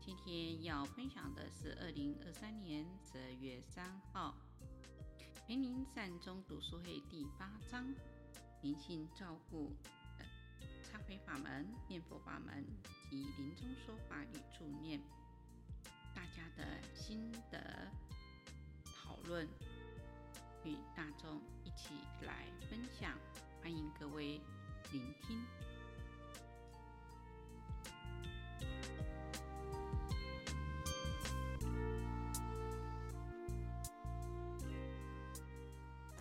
今天要分享的是二零二三年十二月三號，陪您善終讀書會第八章：靈性照顧、呃、懺悔法門、念佛法門及臨終說法與助念。大家的心得討論與大眾一起來分享，歡迎各位聆聽。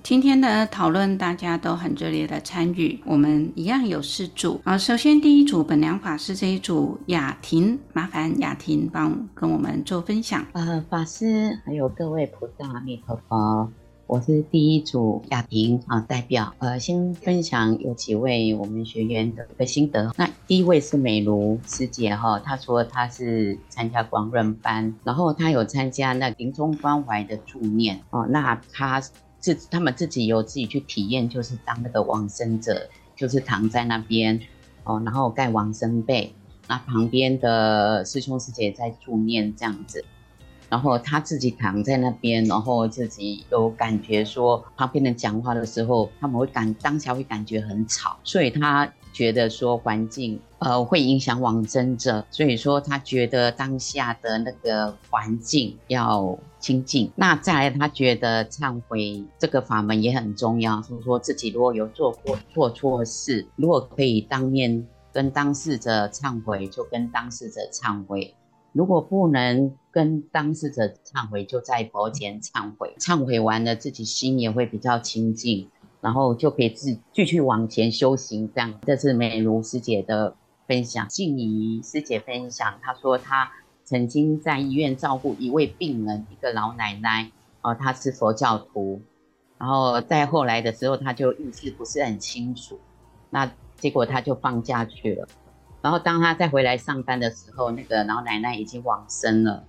今天的討論大家都很熱烈的參與，我們一樣有四組啊。首先第一組本良法師這一組雅婷，麻煩雅婷幫我跟我們做分享。呃，法師還有各位菩薩阿彌陀佛，我是第一組雅婷啊、呃、代表。呃，先分享有幾位我們學員的一個心得。那第一位是美如師姐哈、哦，她說她是參加廣潤班，然後她有參加那臨終關懷的助念哦，那她。自他們自己有自己去體驗，就是當那個往生者，就是躺在那邊，哦，然後蓋往生被，那旁邊的師兄師姐在助念這樣子，然後他自己躺在那邊，然後自己有感覺說，旁邊人講話的時候，他們會感當下會感覺很吵，所以他覺得說環境，呃，會影響往生者，所以說他覺得當下的那個環境要。清淨。那再來，他覺得懺悔這個法門也很重要，就是說自己如果有做過做錯事，如果可以當面跟當事者懺悔，就跟當事者懺悔；如果不能跟當事者懺悔，就在佛前懺悔。懺悔完了，自己心也會比較清淨，然後就可以自己繼續往前修行。這樣，這是美如師姐的分享。靜怡師姐分享，她說她。曾經在醫院照顧一位病人，一個老奶奶，哦，她是佛教徒，然後再後來的時候，她就意識不是很清楚，那結果她就放假去了，然後當她再回來上班的時候，那個老奶奶已經往生了，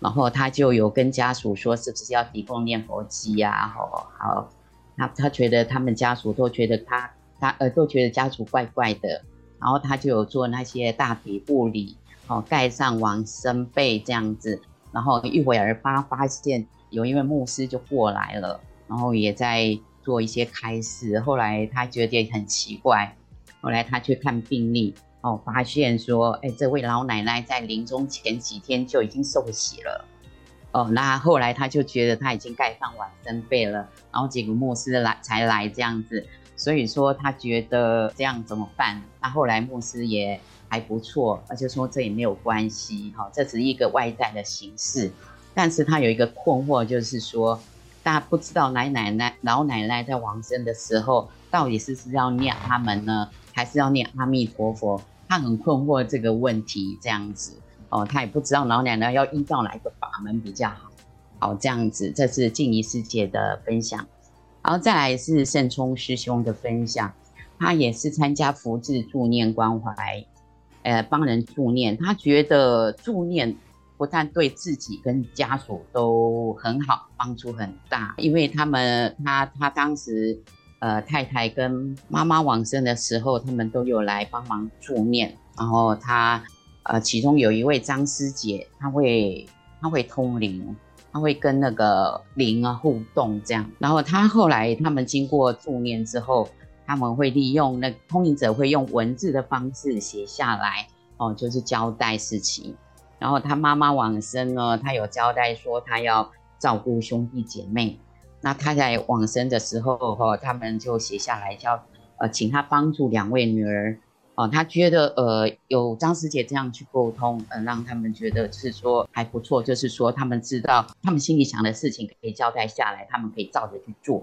然後她就有跟家屬說，是不是要提供念佛機呀、啊？好、哦、好，那、哦、她，她覺得他們家屬都覺得她，她呃都覺得家屬怪怪的，然後她就有做那些大體護理。哦，蓋上往生被這樣子，然後一會兒發發現有一位牧師就過來了，然後也在做一些開示。後來他覺得很奇怪，後來他去看病歷，哦，發現說，哎，欸，這位老奶奶在臨終前幾天就已經受洗了。哦，那後來他就覺得他已經蓋上往生被了，然後結果牧師來才來這樣子，所以說他覺得這樣怎麼辦？那、啊，後來牧師也。還不錯，他就說這也沒有關係，好、哦，這是一個外在的形式。但是他有一個困惑，就是說，大家不知道奶奶奶老奶奶在往生的時候，到底是要念阿門呢，還是要念阿彌陀佛？他很困惑這個問題，這樣子哦，他也不知道老奶奶要依照哪一個法門比較好，好。這樣子，這是靜怡師姐的分享，然後再來是盛沖師兄的分享，他也是參加福智助念關懷。呃，幫人助念，他覺得助念不但對自己跟家屬都很好，幫助很大。因為他們他他當時呃，太太跟媽媽往生的時候，他們都有來幫忙助念。然後他呃，其中有一位張師姐，他會他會通靈，他會跟那個靈啊互動這樣。然後他後來他們經過助念之後。他們會利用那通靈者會用文字的方式寫下來，哦，就是交代事情。然後他媽媽往生呢，他有交代說他要照顧兄弟姐妹。那他在往生的時候，哈、哦，他們就寫下來叫，叫呃，請他幫助兩位女兒。哦、呃，他覺得呃，有張師姐這樣去溝通，嗯、呃，讓他們覺得是說還不錯，就是說他們知道他們心裡想的事情可以交代下來，他們可以照着去做。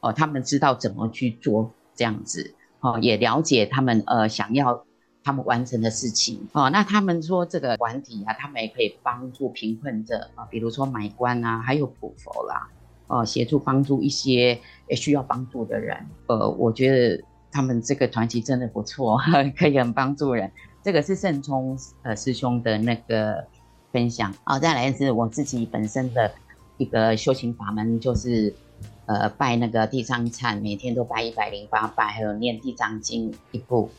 哦、呃，他們知道怎麼去做。這樣子，哦，也了解他們，呃，想要他們完成的事情，哦，那他們說這個團體啊，他們也可以幫助貧困者啊、哦，比如說買棺啊，還有普佛啦，哦，協助幫助一些也需要幫助的人，呃，我覺得他們這個團體真的不錯，可以很幫助人。這個是聖聰呃師兄的那個分享，好、哦，再來是我自己本身的一個修行法門就是。呃，拜那個地藏懺，每天都拜一百零八拜，還有念地藏經一部。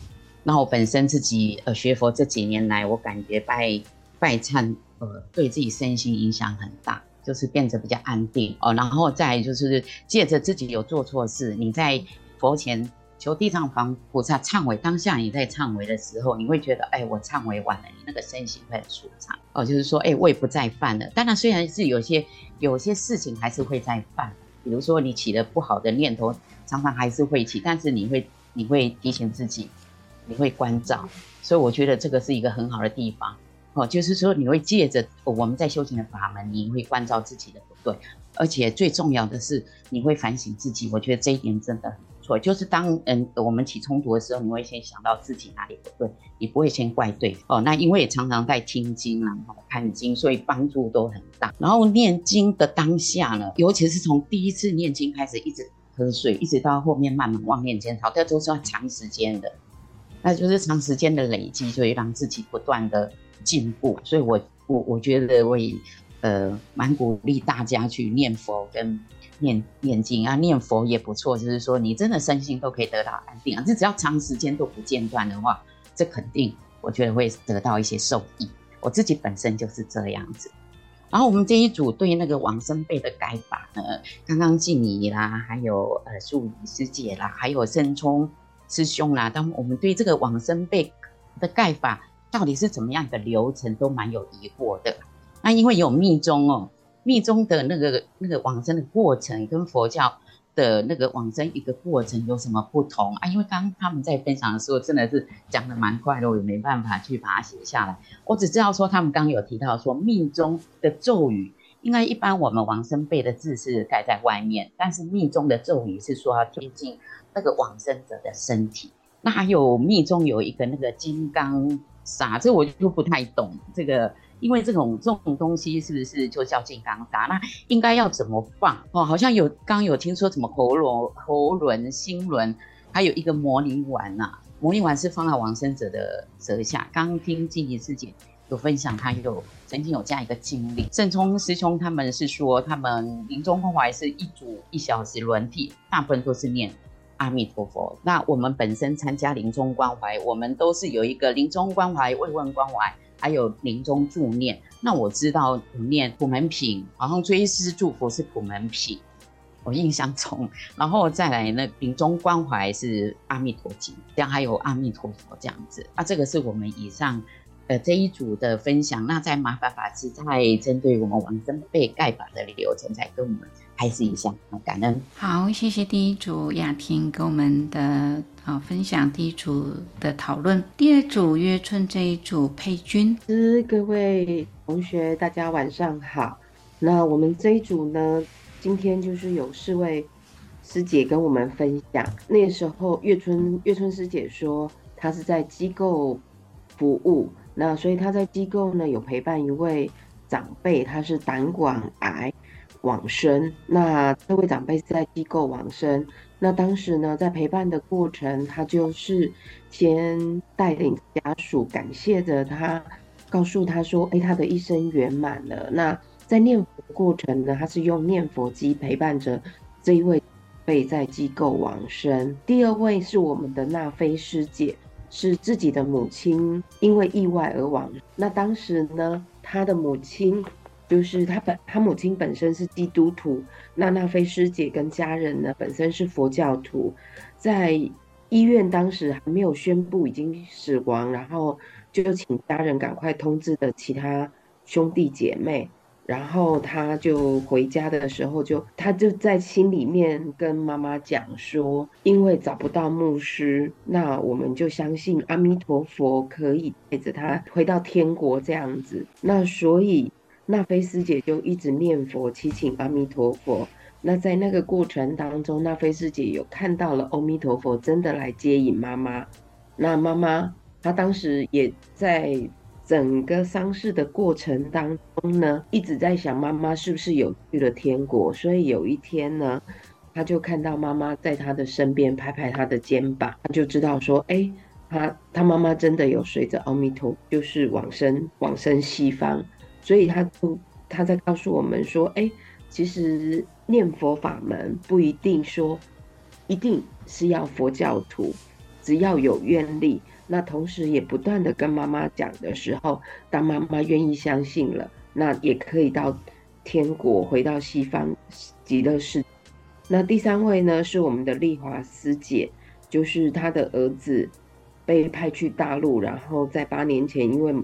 那我本身自己呃學佛這幾年來，我感覺拜拜懺呃對自己身心影響很大，就是變得比較安定哦。然後再就是借着自己有做錯事，你在佛前求地藏王菩薩懺悔，當下你在懺悔的時候，你會覺得哎，我懺悔完了，你那個身心會很舒暢哦。就是說哎，我也不再犯了。當然，雖然是有些有些事情還是會再犯。比如說，你起了不好的念頭，常常還是會起，但是你會，你會提醒自己，你會關照，所以我覺得這個是一個很好的地方，哦，就是說你會借着、哦、我們在修行的法門，你會關照自己的不對，而且最重要的是你會反省自己。我覺得這一點真的。就是當嗯，我們起衝突的時候，你會先想到自己哪裡不對，你不會先怪對方、哦。那因為也常常在聽經啊、然後看經，所以幫助都很大。然後念經的當下呢，尤其是從第一次念經開始，一直喝水，一直到後面慢慢忘念經，好，這都是要長時間的，那就是長時間的累積，所以讓自己不斷的進步。所以我我我覺得我也呃蠻鼓勵大家去念佛跟。念念經啊，念佛也不錯，就是說你真的身心都可以得到安定啊。這只要長時間都不間斷的話，這肯定我覺得會得到一些受益。我自己本身就是這樣子。然後我們這一組對那個往生被的蓋法呢，剛剛靜怡啦，還有呃素怡師姐啦，還有生聰師兄啦，當我們對這個往生被的蓋法到底是怎麼樣的流程，都蠻有疑惑的。那因為有密宗哦。密宗的那個那個往生的過程跟佛教的那個往生一個過程有什麼不同啊？因為剛剛他們在分享的時候真的是講得蠻快的，我也沒辦法去把它寫下來。我只知道說他們剛有提到說密宗的咒語，因為一般我們往生被的字是蓋在外面，但是密宗的咒語是說要貼近那個往生者的身體。那還有密宗有一個那個金剛砂，這我就不太懂這個。因為這種這種東西是不是就叫金剛砂？那應該要怎麼放哦？好像有剛有聽說什麼喉嚨、喉輪、心輪，還有一個魔力丸吶、啊。魔力丸是放到往生者的舌下。剛聽靜怡師姐有分享，他有曾經有這樣一個經歷。聖聰師兄他們是說，他們臨終關懷是一組一小時輪替，大部分都是念阿彌陀佛。那我們本身參加臨終關懷，我們都是有一個臨終關懷慰問關懷。還有臨終助念，那我知道念普門品，然後追思祝福是普門品，我印象中，然後再來呢，臨終關懷是阿彌陀經，這樣還有阿彌陀佛這樣子，那這個是我們以上，呃這一組的分享，那再麻煩法師再針對我們往生被蓋法的流程再跟我們講。開始一下，好感恩。好，謝謝第一組雅婷跟我們的啊分享，第一組的討論。第二組月春這一組佩君師。各位同學大家晚上好。那我們這一組呢，今天就是有四位師姐跟我們分享。那時候月春月春師姐說，她是在機構服務，那所以她在機構呢有陪伴一位長輩，他是膽管癌，往生，那這位長輩是在機構往生，那當時呢，在陪伴的過程，他就是先帶領家屬感謝着他，告訴他說，誒、欸，他的一生圓滿了。那在念佛的過程呢，他是用念佛機陪伴着這一位長輩在機構往生。第二位是我們的納菲師姐，是自己的母親，因為意外而亡。那當時呢，他的母親。就是他本他母親本身是基督徒，那那菲師姐跟家人呢本身是佛教徒，在醫院當時還沒有宣布已經死亡，然後就請家人趕快通知的其他兄弟姐妹，然後他就回家的時候就他就在心裡面跟媽媽講說，因為找不到牧師，那我們就相信阿彌陀佛可以帶着他回到天國這樣子，那所以。那菲師姐就一直念佛祈請阿彌陀佛。那在那個過程當中，那菲師姐有看到了阿彌陀佛真的來接引媽媽。那媽媽她當時也在整個喪事的過程當中呢，一直在想媽媽是不是有去了天國。所以有一天呢，她就看到媽媽在她的身邊拍拍她的肩膀，她就知道說：“哎、欸，她她媽媽真的有隨着阿彌陀佛就是往生往生西方。”所以他他在告訴我們說，誒，其實念佛法門不一定說一定是要佛教徒，只要有願力，那同時也不斷的跟媽媽講的時候，當媽媽願意相信了，那也可以到天國回到西方極樂世界。那第三位呢是我們的麗華師姐，就是她的兒子被派去大陸，然後在八年前因為。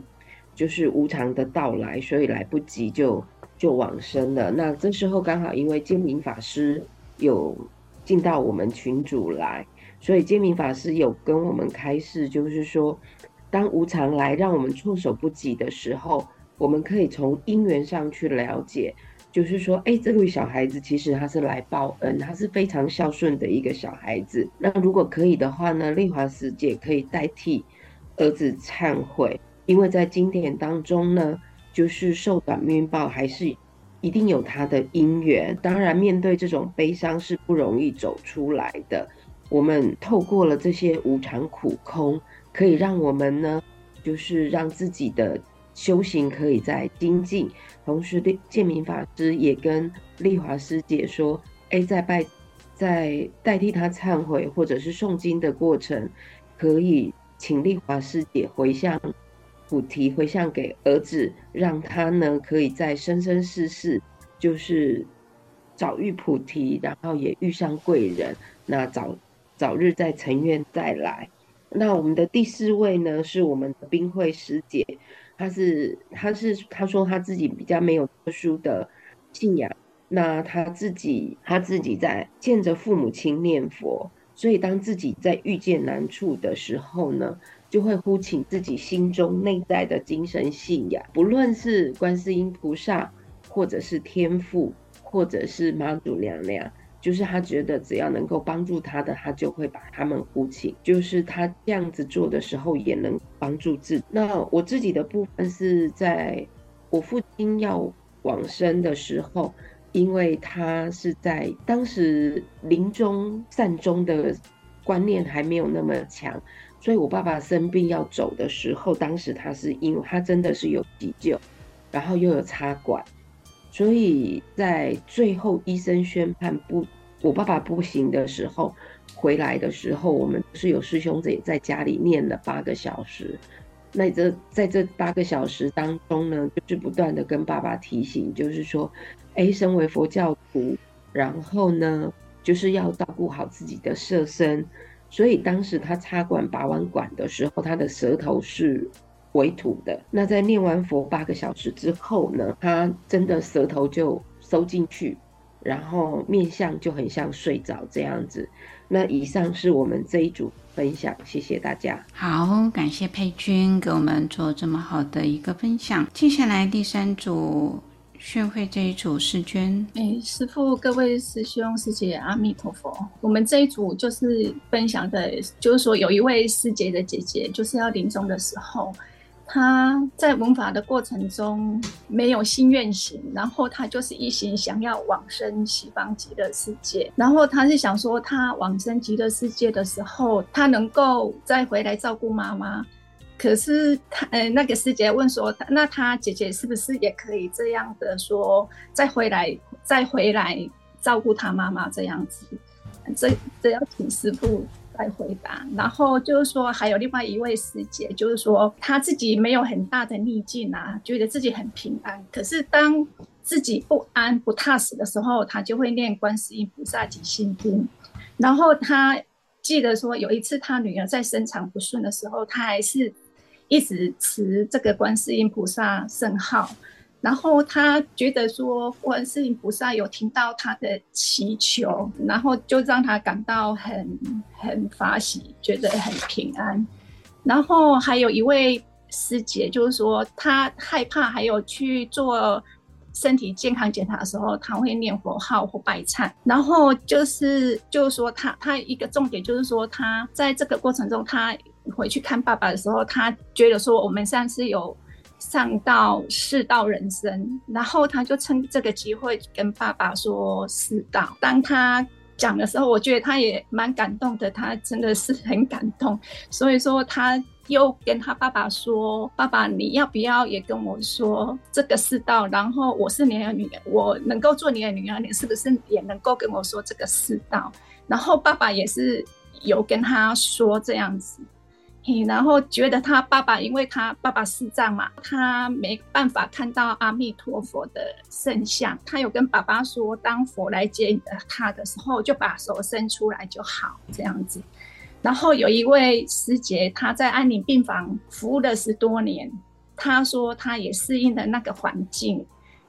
就是無常的到來，所以來不及就就往生了。那這時候剛好因為建明法師有進到我們群組來，所以建明法師有跟我們開示，就是說，當無常來讓我們措手不及的時候，我們可以從因緣上去了解，就是說，哎、欸，這個小孩子其實他是來報恩，他是非常孝順的一個小孩子。那如果可以的話呢，麗華師姐可以代替兒子懺悔。因為在經典當中呢，就是受短命報還是一定有它的因緣。當然，面對這種悲傷是不容易走出來的。我們透過了這些無常、苦、空，可以讓我們呢，就是讓自己的修行可以再精進。同時，建明法師也跟麗華師姐說：“哎，在拜，在代替他懺悔或者是誦經的過程，可以請麗華師姐迴向。”菩提回向給兒子，讓他呢可以在生生世世，就是早遇菩提，然後也遇上貴人，那早早日在成願再來。那我們的第四位呢，是我們的冰慧師姐，她是她是她說她自己比較沒有特殊的信仰，那她自己她自己在見着父母親念佛，所以當自己在遇見難處的時候呢。就會呼請自己心中內在的精神信仰，不論是觀世音菩薩，或者是天父，或者是媽祖娘娘，就是他覺得只要能夠幫助他的，他就會把他們呼請。就是他這樣子做的時候，也能幫助自己。那我自己的部分是在我父親要往生的時候，因為他是在當時臨終善終的觀念還沒有那麼強。所以，我爸爸生病要走的時候，當時他是因為他真的是有急救，然後又有插管，所以在最後醫生宣判不我爸爸不行的時候，回來的時候，我們是有師兄姐在家裡念了八個小時。那這在這八個小時當中呢，就是不斷的跟爸爸提醒，就是說，誒，身為佛教徒，然後呢，就是要照顧好自己的色身。所以當時他插管，拔完管的時候，他的舌頭是回吐的。那在念完佛八個小時之後呢，他真的舌頭就收進去，然後面相就很像睡着這樣子。那以上是我們這一組分享，謝謝大家。好，感謝佩君給我們做這麼好的一個分享。接下來第三組。訊會這一組是娟哎，師父，各位師兄師姐，阿彌陀佛。我們這一組就是分享的，就是說有一位師姐的姐姐，就是要臨終的時候，她在聞法的過程中沒有信願行，然後她就是一心想要往生西方極樂世界，然後她是想說，她往生極樂世界的時候，她能夠再回來照顧媽媽。可是他呃，那個師姐問說，那他姐姐是不是也可以這樣的說，再回來，再回來照顧他媽媽這樣子？嗯、這這要請師父再回答。然後就是說，還有另外一位師姐，就是說她自己沒有很大的逆境啊，覺得自己很平安。可是當自己不安不踏實的時候，他就會念觀世音菩薩及心經。然後他記得說，有一次他女兒在生產不順的時候，他還是。一直持這個觀世音菩薩聖號，然後他覺得說觀世音菩薩有聽到他的祈求，然後就讓他感到很很法喜，覺得很平安。然後還有一位師姐，就是說他害怕，還有去做身體健康檢查的時候，他會念佛號或拜懺，然後就是就是說他他一個重點就是說他在這個過程中他。回去看爸爸的時候，他覺得說我們上次有上到世道人生，然後他就趁這個機會跟爸爸說世道。當他講的時候，我覺得他也蠻感動的，他真的是很感動。所以說他又跟他爸爸說：“爸爸，你要不要也跟我說這個世道？然後我是你的女兒，我能夠做你的女兒，你是不是也能夠跟我說這個世道？”然後爸爸也是有跟他說這樣子。然後覺得他爸爸，因為他爸爸視障嘛，他沒辦法看到阿彌陀佛的聖像。他有跟爸爸說，當佛來接他的時候，就把手伸出來就好這樣子。然後有一位師姐，她在安寧病房服務了十多年，她說她也適應了那個環境。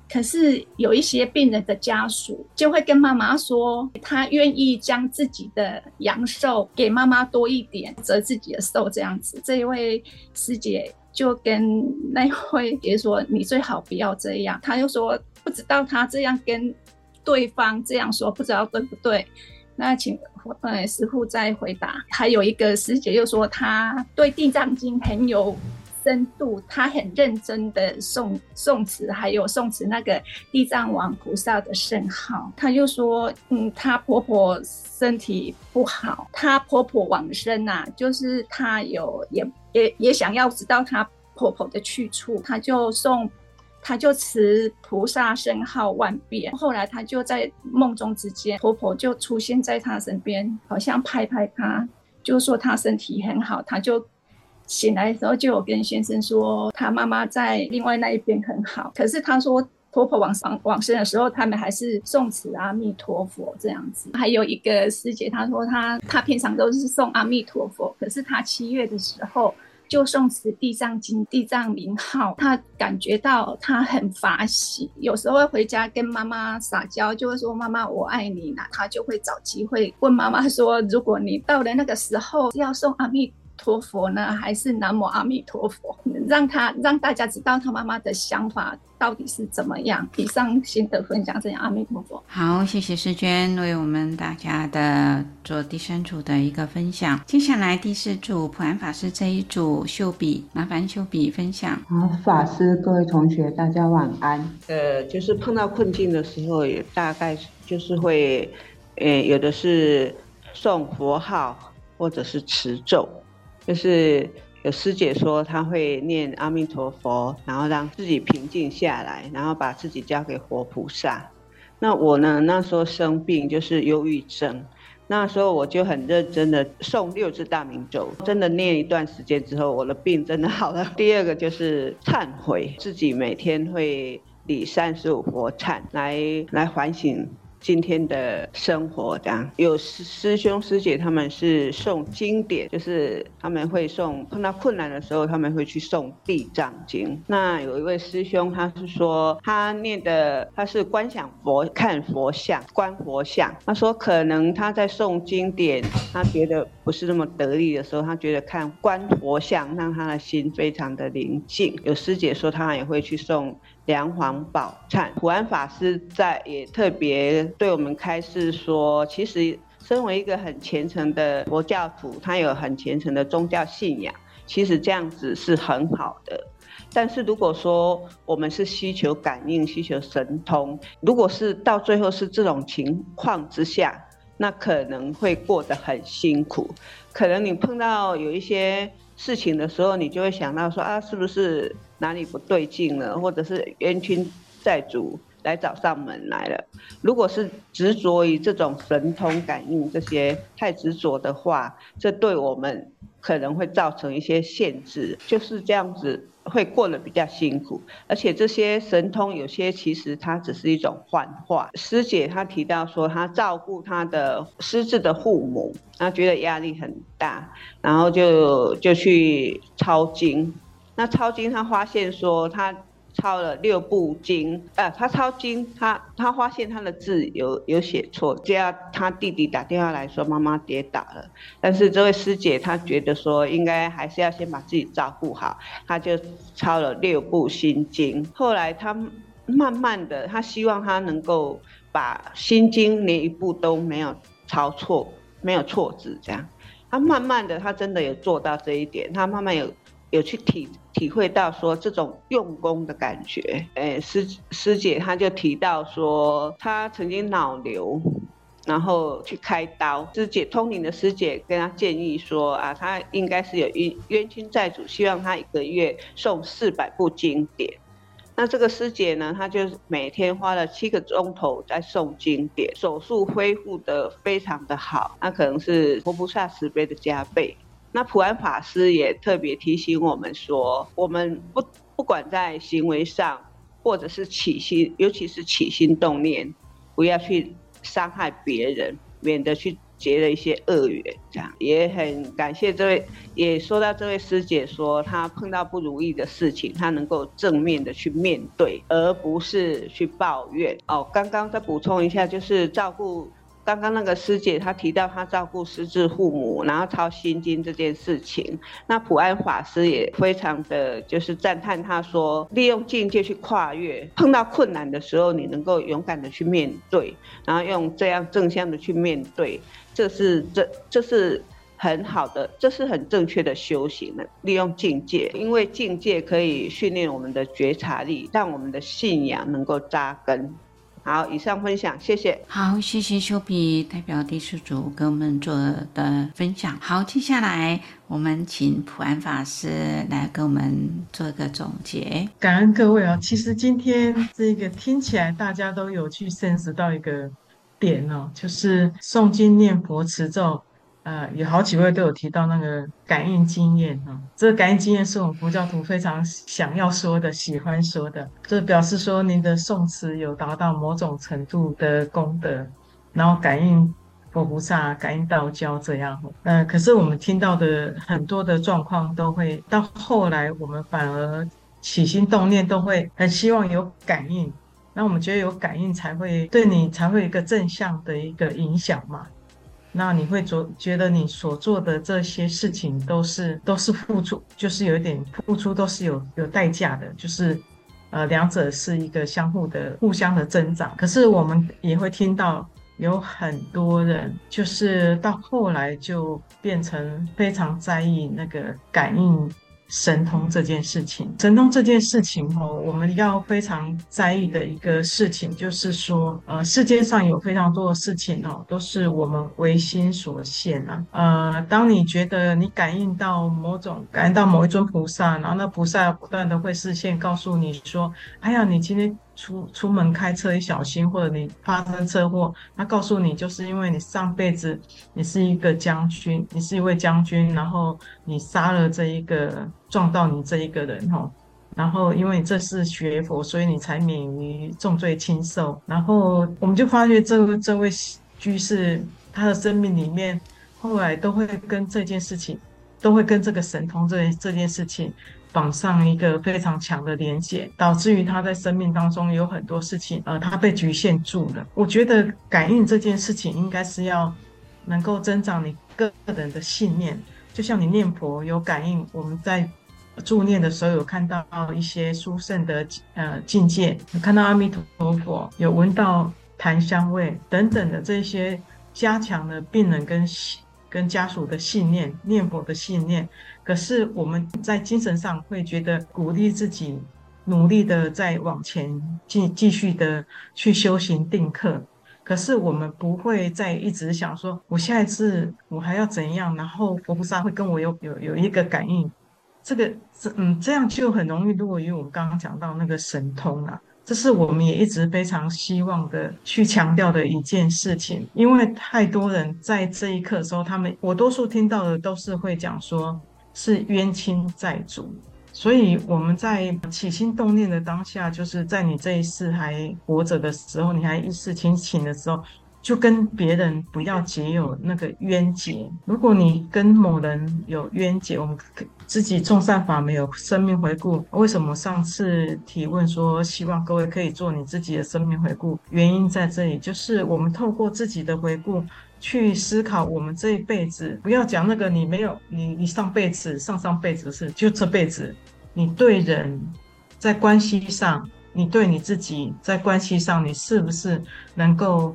可是有一些病人的家屬就會跟媽媽說，他願意將自己的陽壽給媽媽多一點，折自己的壽這樣子。這一位師姐就跟那一位也說：“你最好不要這樣。”他就說：“不知道他這樣跟對方這樣說，不知道對不對？”那請呃、哎、師父再回答。還有一個師姐又說，他對地藏經很有。深度，他很認真的誦誦持，還有誦持那個地藏王菩薩的聖號。他就說，嗯，他婆婆身體不好，他婆婆往生吶、啊，就是他有也也也想要知道他婆婆的去處，他就誦，他就持菩薩聖號萬遍。後來他就在夢中之間，婆婆就出現在他身邊，好像拍拍他，就說他身體很好，他就。醒來的時候，就有跟先生說，他媽媽在另外那一邊很好。可是他說，婆婆往生往生的時候，他們還是誦持阿彌陀佛這樣子。還有一個師姐，她說她她平常都是誦阿彌陀佛，可是她七月的時候就誦持地藏經、地藏名號。她感覺到她很法喜，有時候回家跟媽媽撒嬌，就會說媽媽我愛你那、啊、她就會找機會問媽媽說，如果你到了那個時候要誦阿彌。陀佛呢？還是南無阿彌陀佛？讓他讓大家知道他媽媽的想法到底是怎麼樣。以上心得分享，真言阿彌陀佛。好，謝謝世娟為我們大家的做第三組的一個分享。接下來第四組普安法師這一組秀比，麻煩秀比分享。好，法師，各位同學，大家晚安。呃，就是碰到困境的時候，也大概就是會，呃，有的是誦佛號，或者是持咒。就是有師姐說，她會念阿彌陀佛，然後讓自己平靜下來，然後把自己交給佛菩薩。那我呢？那時候生病就是憂鬱症，那時候我就很認真的誦六字大明咒，真的念一段時間之後，我的病真的好了。第二個就是懺悔，自己每天會禮三十五佛懺來來反省。今天的生活這樣，有師兄師姐，他們是誦經典，就是他們會誦，碰到困難的時候，他們會去誦《地藏經》。那有一位師兄，他是說他念的，他是觀想佛，看佛像，觀佛像。他說可能他在誦經典，他覺得不是那麼得力的時候，他覺得看觀佛像讓他的心非常的寧靜。有師姐說他也會去誦。梁皇寶懺，普安法師在也特別對我們開示說，其實身為一個很虔誠的佛教徒，他有很虔誠的宗教信仰，其實這樣子是很好的。但是如果說我們是需求感應、需求神通，如果是到最後是這種情況之下，那可能會過得很辛苦。可能你碰到有一些事情的時候，你就會想到說，啊，是不是？哪裡不對勁了，或者是冤親債主來找上門來了。如果是執着於這種神通感應，這些太執着的話，這對我們可能會造成一些限制，就是這樣子會過得比較辛苦。而且這些神通有些其實它只是一種幻化。師姐她提到說，她照顧她的失智的父母，她覺得壓力很大，然後就就去抄經。那抄經，他發現說他抄了六部經，呃、啊，他抄經，他他發現他的字有有寫錯，只要他弟弟打電話來說，媽媽跌倒了。但是這位師姐她覺得說，應該還是要先把自己照顧好，她就抄了六部心經。後來他慢慢的，他希望他能夠把心經每一部都沒有抄錯，沒有錯字這樣。他慢慢的，他真的有做到這一點，他慢慢有。有去體體會到說這種用功的感覺，哎，師師姐她就提到說，她曾經腦瘤，然後去開刀。師姐通靈的師姐跟她建議說，啊，她應該是有冤冤親債主，希望她一個月誦四百部經典。那這個師姐呢，她就每天花了七個鐘頭在誦經典，手術恢復得非常的好，那可能是活菩薩慈悲的加被。那普安法師也特別提醒我們說，我們不不管在行為上，或者是起心，尤其是起心動念，不要去傷害別人，免得去結了一些惡緣。這樣也很感謝這位，也說到這位師姐說，她碰到不如意的事情，她能夠正面的去面對，而不是去抱怨。哦，剛剛再補充一下，就是照顧。剛剛那個師姐她提到她照顧失智父母，然後抄心經這件事情，那普安法師也非常的就是讚嘆，他說利用境界去跨越，碰到困難的時候，你能夠勇敢的去面對，然後用這樣正向的去面對，這是這這是很好的，這是很正確的修行的。利用境界，因為境界可以訓練我們的覺察力，讓我們的信仰能夠扎根。好，以上分享，謝謝。好，謝謝修比代表第四組跟我們做的分享。好，接下來我們請普安法師來跟我們做一個總結。感恩各位哦，其實今天這個聽起來大家都有去認識到一個點哦，就是誦經念佛持咒。呃，有好幾位都有提到那個感應經驗啊，這個感應經驗是我們佛教徒非常想要說的、喜歡說的，這表示說您的誦持有達到某種程度的功德，然後感應佛菩薩、感應道交這樣。嗯、啊，可是我們聽到的很多的狀況都會到後來，我們反而起心動念都會很希望有感應，那我們覺得有感應才會對你才會有一個正向的一個影響嘛。那你會做覺得你所做的這些事情都是都是付出，就是有一點付出都是有有代價的，就是呃兩者是一個相互的互相的增長。可是我們也會聽到有很多人，就是到後來就變成非常在意那個感應。神通這件事情，神通這件事情哦，我們要非常在意的一個事情，就是說，呃，世界上有非常多的事情哦，都是我們唯心所現啊。呃，當你覺得你感應到某種，感應到某一尊菩薩，然後那菩薩不斷的會示現告訴你說，哎呀，你今天，出出門開車一小心，或者你發生車禍，他告訴你就是因為你上輩子你是一個將軍，你是一位將軍，然後你殺了這一個撞到你這一個人吼，然後因為你這是學佛，所以你才免於重罪輕受。然後我們就發覺這位這位居士他的生命裡面後來都會跟這件事情，都會跟這個神通這這件事情，綁上一個非常強的連接，導致於他在生命當中有很多事情，呃，他被局限住了。我覺得感應這件事情應該是要能夠增長你個人的信念，就像你念佛有感應，我們在助念的時候有看到一些殊勝的呃境界，有看到阿彌陀佛，有聞到檀香味等等的這些加強了病人跟。跟家屬的信念，念佛的信念，可是我們在精神上會覺得鼓勵自己，努力的再往前繼繼續的去修行定課，可是我們不會再一直想說，我下一次我還要怎樣，然後佛菩薩會跟我有有有一個感應，這個這嗯這樣就很容易落於我們剛剛講到那個神通了啊。這是我們也一直非常希望的去強調的一件事情，因為太多人在這一刻的時候，他們我多數聽到的都是會講說，是冤親債主，所以我們在起心動念的當下，就是在你這一世還活着的時候，你還意識清醒的時候。就跟別人不要結有那個冤結。如果你跟某人有冤結，我們自己種善法沒有生命回顧。為什麼上次提問說希望各位可以做你自己的生命回顧？原因在這裡，就是我們透過自己的回顧去思考我們這一輩子，不要講那個你沒有你你上輩子、上上輩子的事，就這輩子，你對人，在關係上，你對你自己在關係上，你是不是能夠。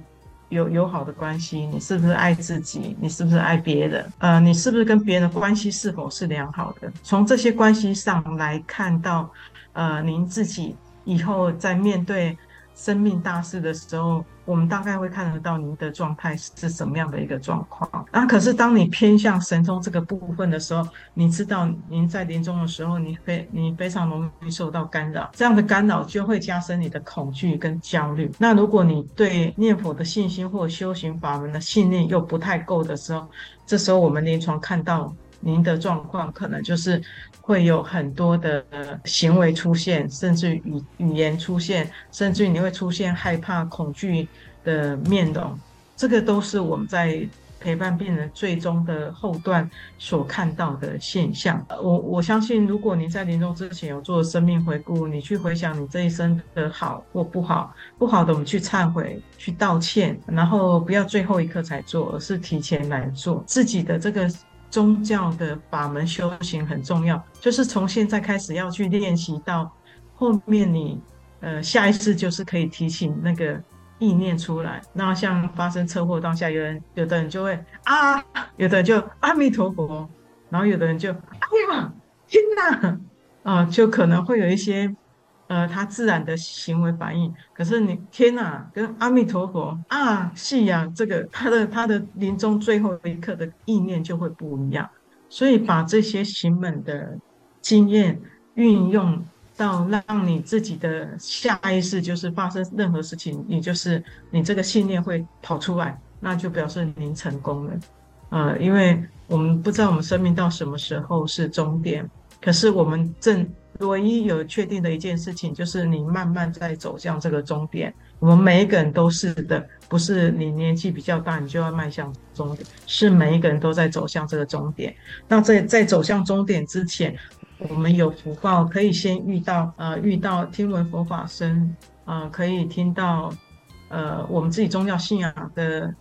有友好的關係，你是不是愛自己？你是不是愛別人？呃，你是不是跟別人的關係是否是良好的？從這些關係上來看到，呃，您自己以後在面對。生命大事的時候，我們大概會看得到您的狀態是什麼樣的一個狀況。然、啊、可是當你偏向神通這個部分的時候，你知道您在臨終的時候，你非你非常容易受到干擾，這樣的干擾就會加深你的恐懼跟焦慮。那如果你對念佛的信心或者修行法門的信念又不太夠的時候，這時候我們臨床看到您的狀況，可能就是。會有很多的行為出現，甚至語語言出現，甚至你會出現害怕、恐懼的面容。這個都是我們在陪伴病人最終的後段所看到的現象。我我相信，如果你在臨終之前有做生命回顧，你去回想你這一生的好或不好，不好的我們去懺悔、去道歉，然後不要最後一刻才做，而是提前來做自己的這個。宗教的法門修行很重要，就是從現在開始要去練習，到後面你呃下一次就是可以提醒那個意念出來。那像發生車禍當下，有人有的人就會啊，有的人就阿彌陀佛，然後有的人就哎呀天吶，啊，就可能會有一些。呃，他自然的行為反應，可是你天哪、啊，跟阿彌陀佛啊，信仰這個他的他的臨終最後一刻的意念就會不一樣，所以把這些行門的經驗運用到，讓你自己的下意識就是發生任何事情，你就是你這個信念會跑出來，那就表示您成功了，呃，因為我們不知道我們生命到什麼時候是終點，可是我們正唯一有確定的一件事情，就是你慢慢在走向這個終點。我們每一個人都是的，不是你年紀比較大，你就要邁向終點，是每一個人都在走向這個終點。那在在走向終點之前，我們有福報，可以先遇到呃，遇到聽聞佛法僧啊、呃，可以聽到呃，我們自己宗教信仰的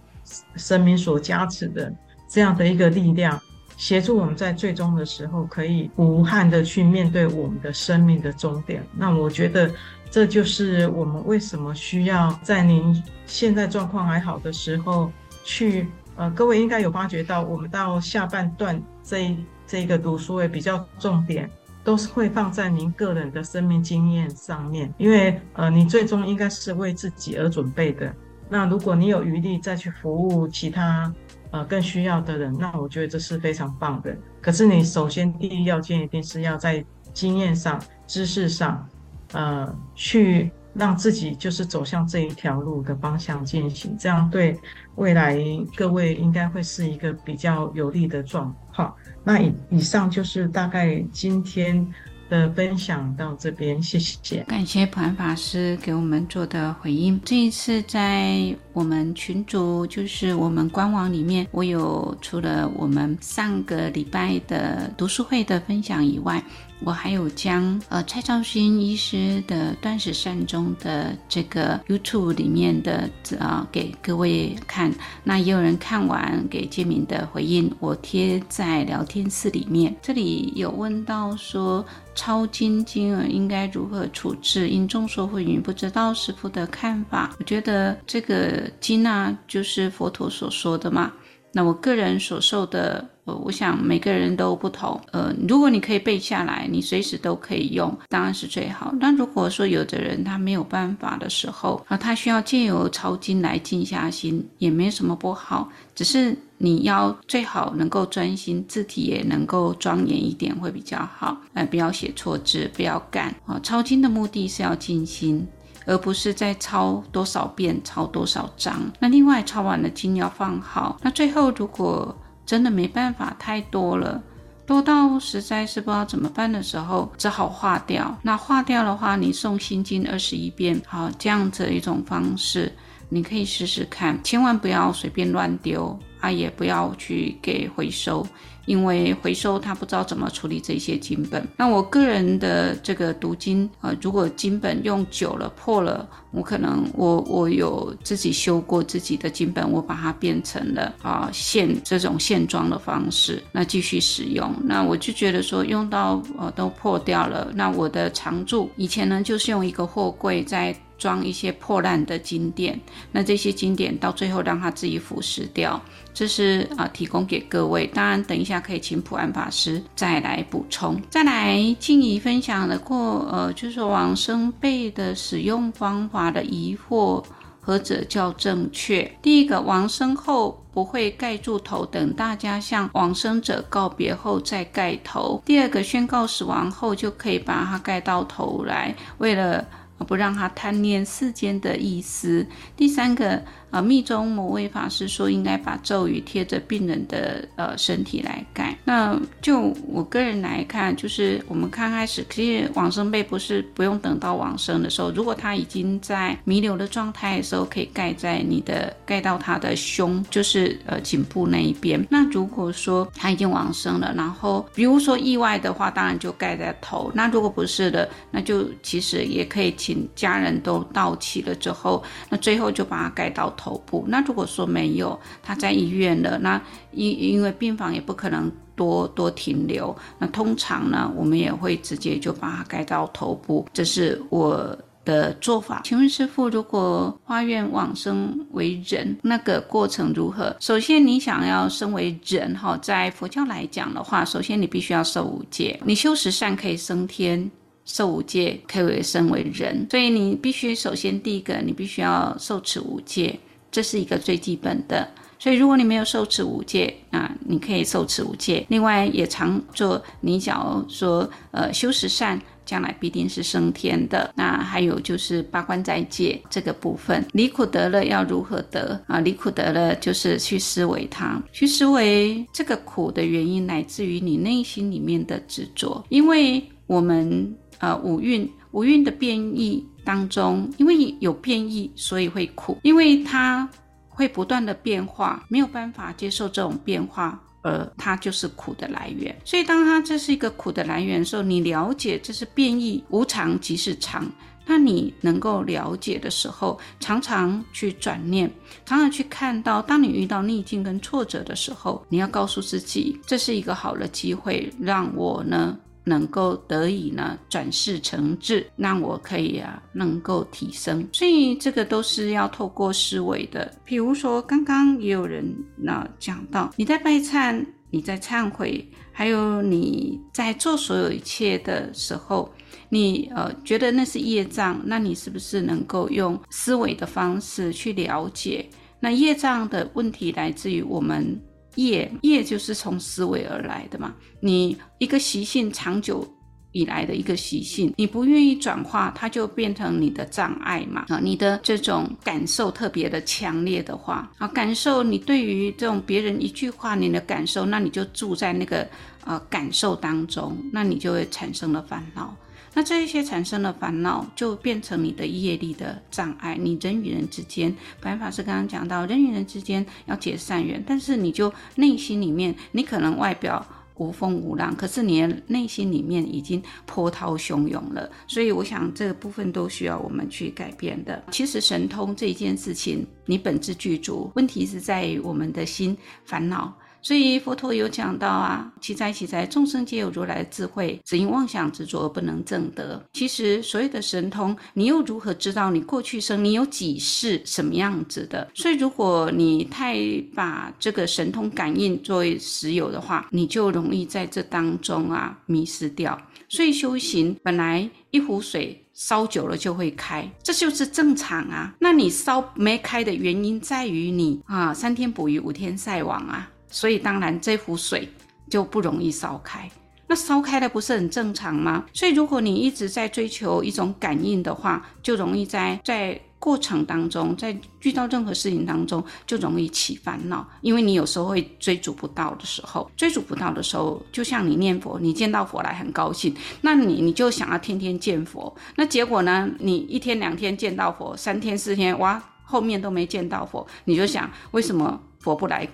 神明所加持的這樣的一個力量。協助我們在最終的時候可以無憾地去面對我們的生命的終點。那我覺得這就是我們為什麼需要在您現在狀況還好的時候去。呃，各位應該有發覺到，我們到下半段這一這一個讀書會比較重點，都是會放在您個人的生命經驗上面，因為呃，你最終應該是為自己而準備的。那如果你有餘力再去服務其他。呃，更需要的人，那我覺得這是非常棒的。可是你首先第一要件一定是要在經驗上、知識上，呃，去讓自己就是走向這一條路的方向進行，這樣對未來各位應該會是一個比較有利的狀況。那以以上就是大概今天。的分享到這邊，謝謝，感謝普安法師給我們做的回應。這一次在我們群組，就是我們官網裡面，我有除了我們上個禮拜的讀書會的分享以外。我還有將呃蔡兆勳醫師的斷食善終的這個 YouTube 裡面的啊、呃、給各位看，那也有人看完給建明的回應，我貼在聊天室裡面。這裡有問到說抄經經應該如何處置，因眾說紛紜，不知道師父的看法。我覺得這個經啊，就是佛陀所說的嘛。那我個人所受的，呃，我想每個人都不同，呃，如果你可以背下來，你隨時都可以用，當然是最好。那如果說有的人他沒有辦法的時候，啊，他需要借由抄經來靜下心，也沒什麼不好，只是你要最好能夠專心，字體也能夠莊嚴一點會比較好，呃，不要寫錯字，不要干，啊，抄經的目的是要靜心。而不是再抄多少遍，抄多少張。那另外抄完的經要放好。那最後如果真的沒辦法，太多了，多到實在是不知道怎麼辦的時候，只好化掉。那化掉的話，你誦心經二十一遍，好，這樣子的一種方式。你可以試試看，千萬不要隨便亂丟啊，也不要去給回收，因為回收他不知道怎麼處理這些經本。那我個人的這個讀經啊，如果經本用久了破了，我可能我我有自己修過自己的經本，我把它變成了啊線、呃、這種線裝的方式，那繼續使用。那我就覺得說用到呃都破掉了，那我的常住以前呢就是用一個貨櫃在。裝一些破爛的經典，那這些經典到最後讓它自己腐蝕掉。這是啊、呃，提供給各位。當然，等一下可以請普安法師再來補充，再來靜怡分享的過呃，就是往生被的使用方法的疑惑，何者較正確？第一個，往生後不會蓋住頭，等大家向往生者告別後再蓋頭。第二個，宣告死亡後就可以把它蓋到頭來，為了。不讓他貪戀世間的意思。第三個。呃，密宗某位法師說應該把咒語貼着病人的呃身體來蓋。那就我個人來看，就是我們剛開始，其實往生被不是不用等到往生的時候，如果他已經在彌留的狀態的時候，可以蓋在你的蓋到他的胸，就是呃頸部那一邊。那如果說他已經往生了，然後比如說意外的話，當然就蓋在頭。那如果不是的，那就其實也可以請家人都到齊了之後，那最後就把它蓋到頭。頭部。那如果說沒有他在醫院了，那因因為病房也不可能多多停留。那通常呢，我們也會直接就把它蓋到頭部，這是我的做法。請問師父，如果花院往生為人，那個過程如何？首先，你想要生為人哈、哦，在佛教來講的話，首先你必須要受五戒。你修十善可以升天，受五戒可以升為，為人，所以你必須首先第一個，你必須要受持五戒。這是一個最基本的，所以如果你沒有受持五戒啊，你可以受持五戒。另外也常做，你想要說，呃，修十善，將來必定是升天的。那還有就是八關齋戒這個部分，離苦得樂要如何得啊、呃？離苦得樂就是去思維它，去思維這個苦的原因來自於你內心裡面的執着，因為我們呃五蘊，五蘊的變異當中，因為有變異，所以會苦，因為它會不斷的變化，沒有辦法接受這種變化，而它就是苦的來源。所以，當它這是一個苦的來源的時候，你了解這是變異，無常即是常。那你能夠了解的時候，常常去轉念，常常去看到，當你遇到逆境跟挫折的時候，你要告訴自己，這是一個好的機會，讓我呢。能夠得以呢轉世成智，讓我可以啊能夠提升，所以這個都是要透過思維的。比如說，剛剛也有人呢講到，你在拜懺，你在懺悔，還有你在做所有一切的時候，你呃覺得那是業障，那你是不是能夠用思維的方式去了解？那業障的問題來自於我們。業業就是從思維而來的嘛，你一個習性長久以來的一個習性，你不願意轉化，它就變成你的障礙嘛。啊，你的這種感受特別的強烈的話，啊，感受你對於這種別人一句話，你的感受，那你就住在那個呃感受當中，那你就會產生了煩惱。那這一些產生了煩惱，就變成你的業力的障礙。你人與人之間，白法師剛剛講到，人與人之間要結善緣，但是你就內心裡面，你可能外表無風無浪，可是你的內心裡面已經波濤洶湧了。所以我想，這個部分都需要我們去改變的。其實神通這一件事情，你本質具足，問題是在於我們的心煩惱。所以佛陀有講到啊，奇哉奇哉，眾生皆有如來的智慧，只因妄想執着而不能證得。其實所謂的神通，你又如何知道你過去生你有幾世什麼樣子的？所以如果你太把這個神通感應作為實有的話，你就容易在這當中啊迷失掉。所以修行本來一壺水燒久了就會開，這就是正常啊。那你燒沒開的原因在於你啊，三天捕魚五天曬網啊。所以當然，這壺水就不容易燒開。那燒開了不是很正常嗎？所以如果你一直在追求一種感應的話，就容易在在過程當中，在遇到任何事情當中，就容易起煩惱。因為你有時候會追逐不到的時候，追逐不到的時候，就像你念佛，你見到佛來很高興，那你你就想要天天見佛。那結果呢？你一天兩天見到佛，三天四天，哇，後面都沒見到佛，你就想為什麼佛不來？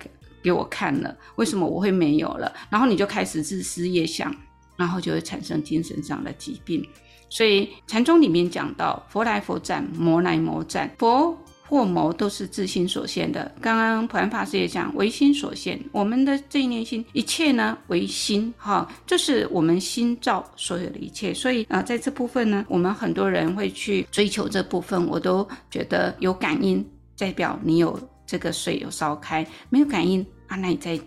給我看了，為什麼我會沒有了？然後你就開始日思夜想，然後就會產生精神上的疾病。所以禪宗裡面講到，佛來佛斬，魔來魔斬，佛或魔都是自心所現的。剛剛普安法師也講，唯心所現，我們的這一念心，一切呢唯心哈，就是我們心造所有的一切。所以啊、呃，在這部分呢，我們很多人會去追求這部分，我都覺得有感應，代表你有這個水有燒開，沒有感應。啊，那你再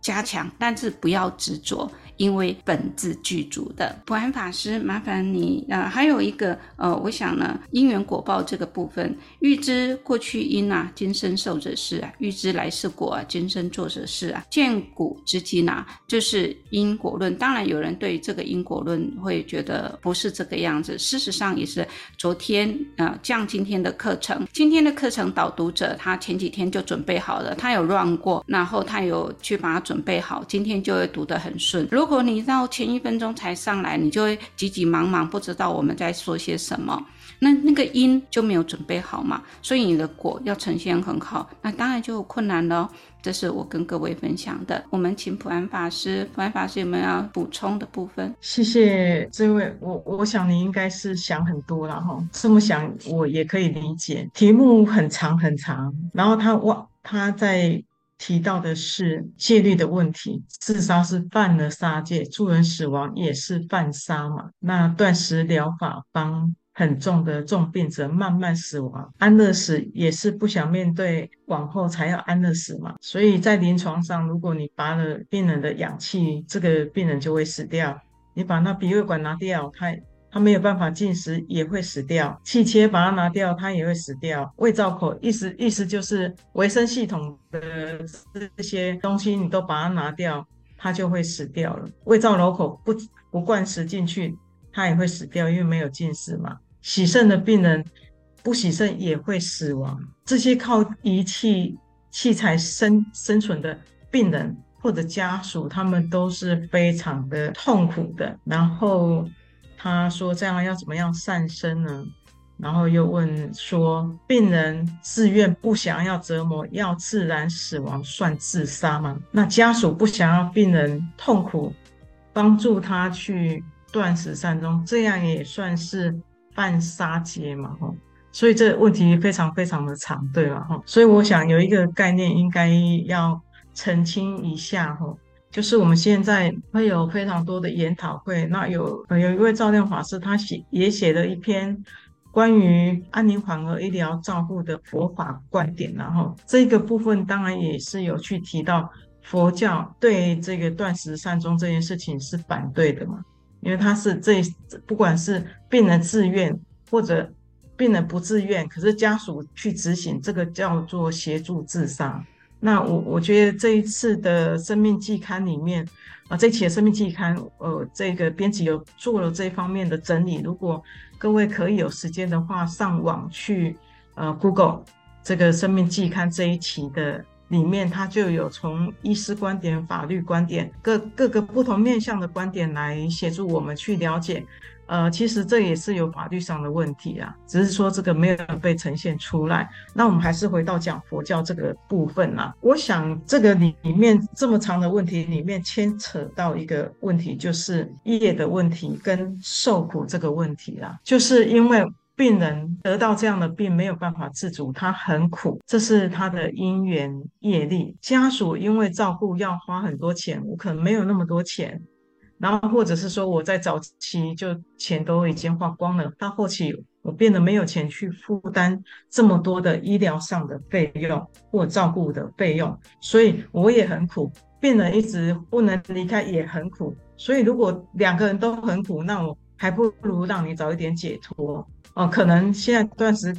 加強，但是不要執着。因為本自具足的普安法師，麻煩你啊、呃，還有一個呃，我想呢，因緣果報這個部分，欲知過去因啊，今生受者是啊；欲知來世果啊，今生作者是啊。見古知今呢、啊，就是因果論。當然，有人對於這個因果論會覺得不是這個樣子。事實上，也是昨天啊、呃，講今天的課程。今天的課程導讀者他前幾天就準備好了，他有 run 過，然後他有去把它準備好，今天就會讀得很順。如如果你到前一分鐘才上來，你就會急急忙忙，不知道我們在說些什麼，那那個因就沒有準備好嘛。所以你的果要呈現很好，那當然就有困難了。這是我跟各位分享的。我們請普安法師，普安法師有沒有要補充的部分？謝謝這位，我我想你應該是想很多了哈。這麼想我也可以理解。題目很長很長，然後他哇他在。提到的是戒律的問題，自殺是犯了殺戒，助人死亡也是犯殺嘛。那斷食療法幫很重的重病者慢慢死亡，安樂死也是不想面對往後才要安樂死嘛。所以在臨床上，如果你拔了病人的氧氣，這個病人就會死掉。你把那鼻胃管拿掉，他。他沒有辦法進食，也會死掉。氣切把它拿掉，他也會死掉。胃造口，意思意思就是，維生系統的這些東西你都把它拿掉，他就會死掉了。胃造瘻口不不灌食進去，他也會死掉，因為沒有進食嘛。洗腎的病人不洗腎也會死亡。這些靠儀器器材生生存的病人或者家屬，他們都是非常的痛苦的。然後。他說：“這樣要怎麼樣善終呢？”然後又問說：“病人自願不想要折磨，要自然死亡算自殺嗎？”那家屬不想要病人痛苦，幫助他去斷食善終，這樣也算是犯殺戒嘛？哈，所以這問題非常非常的長，對吧？哈，所以我想有一個概念應該要澄清一下，哈。就是我們現在會有非常多的研討會，那有有一位趙亮法師，他寫也寫了一篇關於安寧緩和醫療照顧的佛法觀點，然後這個部分當然也是有去提到佛教對這個斷食善終這件事情是反對的嘛，因為他是這不管是病人自願或者病人不自願，可是家屬去執行，這個叫做協助自殺。那我我覺得這一次的《生命季刊》裡面啊，呃，這一期的《生命季刊》，呃，這個編輯有做了這方面的整理。如果各位可以有時間的話，上網去，呃，Google 這個《生命季刊》這一期的裡面，它就有從醫師觀點、法律觀點、各各個不同面向的觀點來協助我們去了解。呃，其實這也是有法律上的問題啊，只是說這個沒有被呈現出來。那我們還是回到講佛教這個部分啊。我想這個裡面這麼長的問題裡面牽扯到一個問題，就是業的問題跟受苦這個問題啊。就是因為病人得到這樣的病沒有辦法自主，他很苦，這是他的因緣業力。家屬因為照顧要花很多錢，我可能沒有那麼多錢。然後，或者是說我在早期就錢都已經花光了，到後期我變得沒有錢去負擔這麼多的醫療上的費用或照顧的費用，所以我也很苦，病人一直不能離開也很苦。所以如果兩個人都很苦，那我還不如讓你早一點解脫哦、呃。可能現在斷食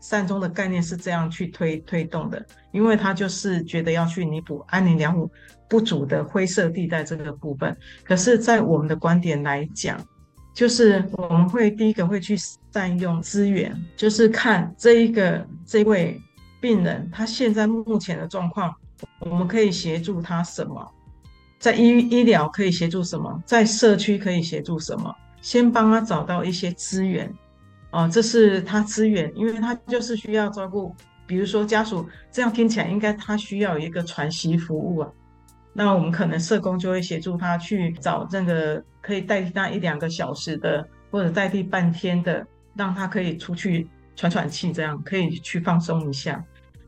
善終的概念是這樣去推推動的，因為他就是覺得要去彌補安寧、啊、良母。不足的灰色地帶這個部分，可是，在我們的觀點來講，就是我們會第一個會去善用資源，就是看這一個這位病人他現在目前的狀況，我們可以協助他什麼，在醫醫療可以協助什麼，在社區可以協助什麼，先幫他找到一些資源，哦，這是他資源，因為他就是需要照顧，比如說家屬，這樣聽起來應該他需要一個喘息服務啊。那我們可能社工就會協助他去找那個可以代替他一兩個小時的，或者代替半天的，讓他可以出去喘喘氣，這樣可以去放鬆一下。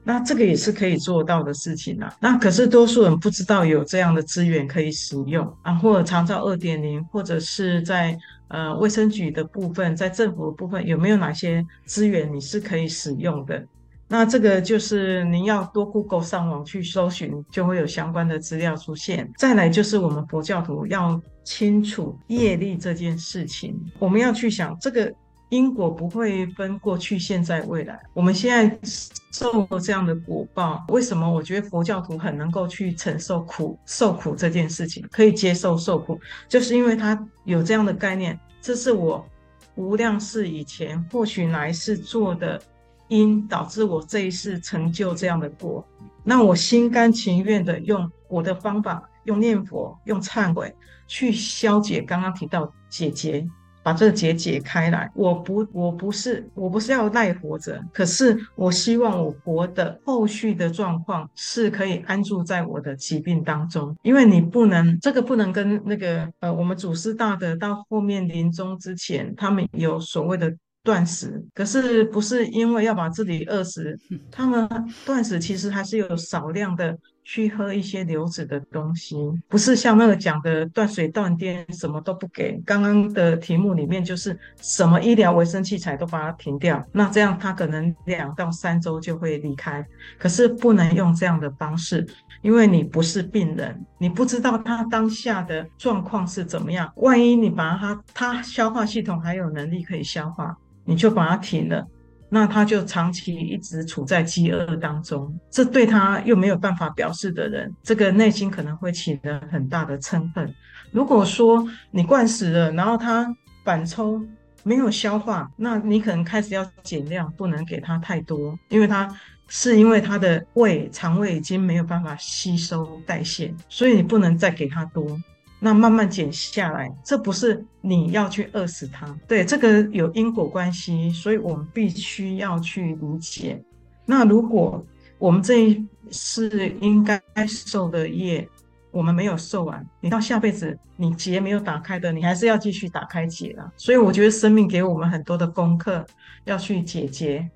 那這個也是可以做到的事情啦、啊，那可是多數人不知道有這樣的資源可以使用啊，或者長照二點零，或者是在呃衛生局的部分，在政府的部分，有沒有哪些資源你是可以使用的？那這個就是您要多 Google 上網去搜尋，就會有相關的資料出現。再來就是我們佛教徒要清楚業力這件事情，我們要去想這個因果不會分過去、現在、未來。我們現在受過這樣的果報，為什麼？我覺得佛教徒很能夠去承受苦、受苦這件事情，可以接受受苦，就是因為他有這樣的概念：這是我無量世以前或許來世做的。因導致我這一世成就這樣的果，那我心甘情願的用我的方法，用念佛，用懺悔，去消解剛剛提到結節，把這個結解，解開來。我不，我不是，我不是要賴活着，可是我希望我活的後續的狀況是可以安住在我的疾病當中，因為你不能，這個不能跟那個，呃，我們祖師大德到後面臨終之前，他們有所謂的。斷食，可是不是因為要把自己餓死？他們斷食其實還是有少量的去喝一些流質的東西，不是像那個講的斷水斷電什麼都不給。剛剛的題目裡面就是什麼醫療維生器材都把它停掉，那這樣他可能兩到三週就會離開。可是不能用這樣的方式，因為你不是病人，你不知道他當下的狀況是怎麼樣。萬一你把他，他消化系統還有能力可以消化，你就把它停了，那他就長期一直處在飢餓當中，這對他又沒有辦法表示的人，這個內心可能會起了很大的嗔恨。如果說你灌食了，然後他反抽沒有消化，那你可能開始要減量，不能給他太多，因為他是因為他的胃腸胃已經沒有辦法吸收代謝，所以你不能再給他多。那慢慢減下來，這不是你要去餓死它。對，這個有因果關係，所以我們必須要去理解。那如果我們這一世應該受的業，我們沒有受完，你到下輩子你結沒有打開的，你還是要繼續打開結啦。所以我覺得生命給我們很多的功課要去解結，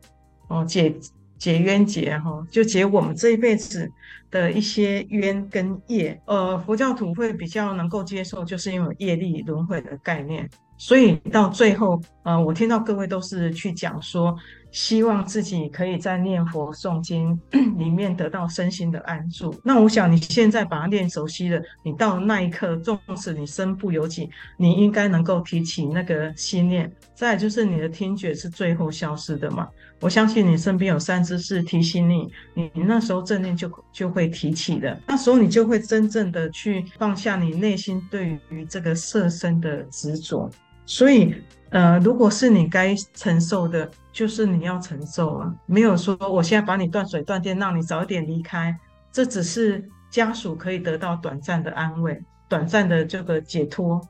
哦解。解冤結哈，就解我們這一輩子的一些冤跟業。呃，佛教徒會比較能夠接受，就是因為業力輪回的概念。所以到最後，呃，我聽到各位都是去講說，希望自己可以在念佛誦經裡面得到身心的安住。那我想，你現在把它練熟悉了，你到那一刻，縱使你身不由己，你應該能夠提起那個心念。再就是你的聽覺是最後消失的嘛。我相信你身邊有善知識提醒你，你那時候正念就就會提起的，那時候你就會真正的去放下你內心對於這個色身的執着。所以，呃，如果是你該承受的，就是你要承受啊，沒有說我現在把你斷水斷電，讓你早點離開。這只是家屬可以得到短暫的安慰，短暫的這個解脫。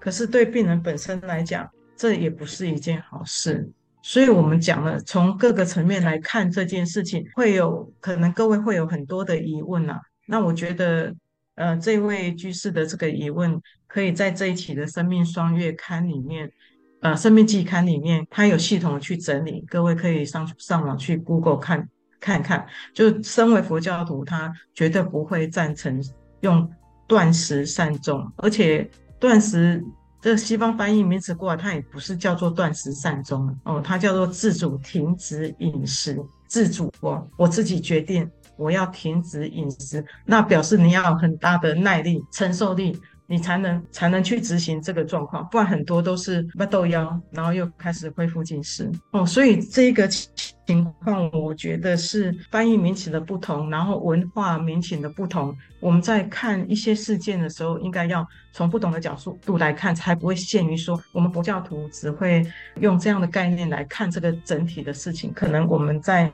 可是對病人本身來講，這也不是一件好事。所以，我們講了，從各個層面來看這件事情，會有可能各位會有很多的疑問啊。那我覺得，呃，這位居士的這個疑問，可以在這一期的《生命雙月刊》裡面，呃，《生命季刊》裡面，他有系統去整理，各位可以上上網去 Google 看看看。就身為佛教徒，他絕對不會贊成用斷食善終，而且斷食。這個西方翻譯名詞過來，它也不是叫做斷食善終哦，它叫做自主停止飲食，自主哦，我自己決定我要停止飲食。那表示你要有很大的耐力、承受力，你才能才能去執行這個狀況，不然很多都是不豆腰，然後又開始恢復進食哦。所以這個情況，我覺得是翻譯名詞的不同，然後文化民情的不同。我們在看一些事件的時候，應該要從不同的角度來看，才不會限於說我們佛教徒只會用這樣的概念來看這個整體的事情。可能我們在。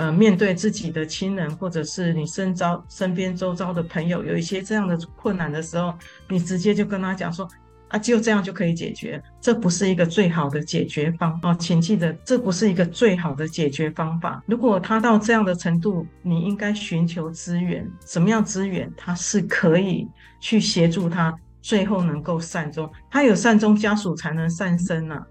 呃，面對自己的親人，或者是你身遭、身邊周遭的朋友，有一些這樣的困難的時候，你直接就跟他講說，啊，就這樣就可以解決，這不是一個最好的解決方法哦，請記得這不是一個最好的解決方法。如果他到這樣的程度，你應該尋求資源，什麼樣資源，他是可以去協助他，最後能夠善終，他有善終，家屬才能善生啊。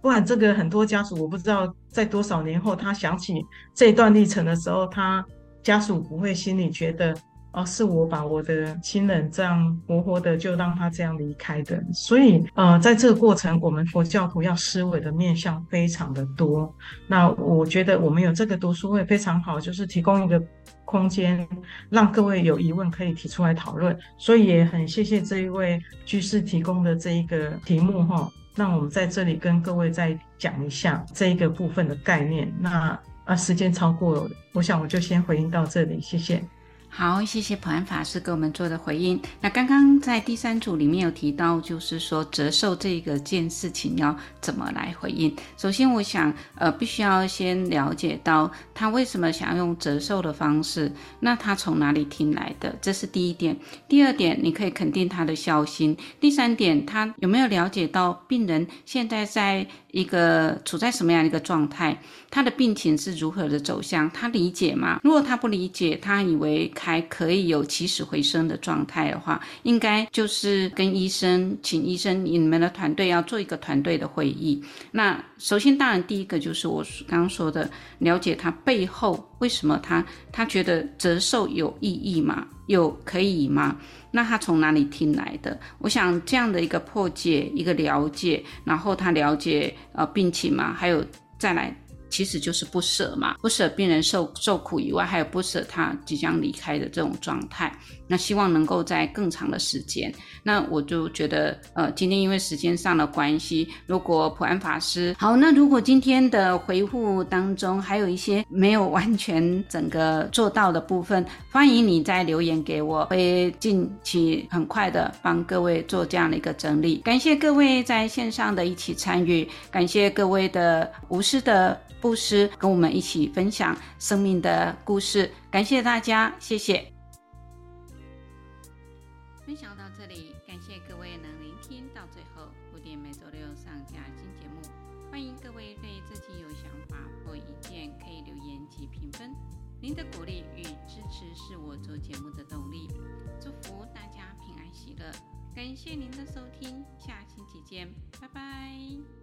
不然，這個很多家屬，我不知道在多少年後，他想起這段歷程的時候，他家屬不會心裡覺得，哦，是我把我的親人這樣活活的就讓他這樣離開的。所以，呃，在這個過程，我們佛教徒要思維的面向非常的多。那我覺得我們有這個讀書會非常好，就是提供一個空間，讓各位有疑問可以提出來討論。所以也很謝謝這一位居士提供的這一個題目哈、哦。那我們在這裡跟各位再講一下這一個部分的概念。那啊，時間超過了，我想我就先回應到這裡，謝謝。好，謝謝普安法師給我們做的回應。那剛剛在第三組裡面有提到，就是說折壽這一個件事情要怎麼來回應。首先，我想呃，必須要先了解到他為什麼想要用折壽的方式。那他從哪裡聽來的？這是第一點。第二點，你可以肯定他的孝心。第三點，他有沒有了解到病人現在在一個處在什麼樣的一個狀態？他的病情是如何的走向？他理解嗎？如果他不理解，他以為。還可以有起死回生的狀態的話，應該就是跟醫生，請醫生你們的團隊要做一個團隊的會議。那首先，當然第一個就是我剛剛說的，了解他背後為什麼他他覺得折壽有意義嗎？有可以嗎？那他從哪裡聽來的？我想這樣的一個破解，一個了解，然後他了解呃病情嘛，還有再來。其實就是不捨嘛，不捨病人受受苦以外，還有不捨他即將離開的這種狀態。那希望能夠在更長的時間。那我就覺得，呃，今天因為時間上的關係，如果普安法師好，那如果今天的回復當中還有一些沒有完全整個做到的部分，歡迎你再留言給我，會近期很快的幫各位做這樣的一個整理。感謝各位在線上的一起參與，感謝各位的無私的。故事跟我們一起分享生命的故事，感謝大家，謝謝。分享到這裡，感謝各位能聆聽到最後。不定每周六上架新節目，歡迎各位對自己有想法或意見可以留言及評分。您的鼓勵與支持是我做節目的動力。祝福大家平安喜樂，感謝您的收聽，下星期見，拜拜。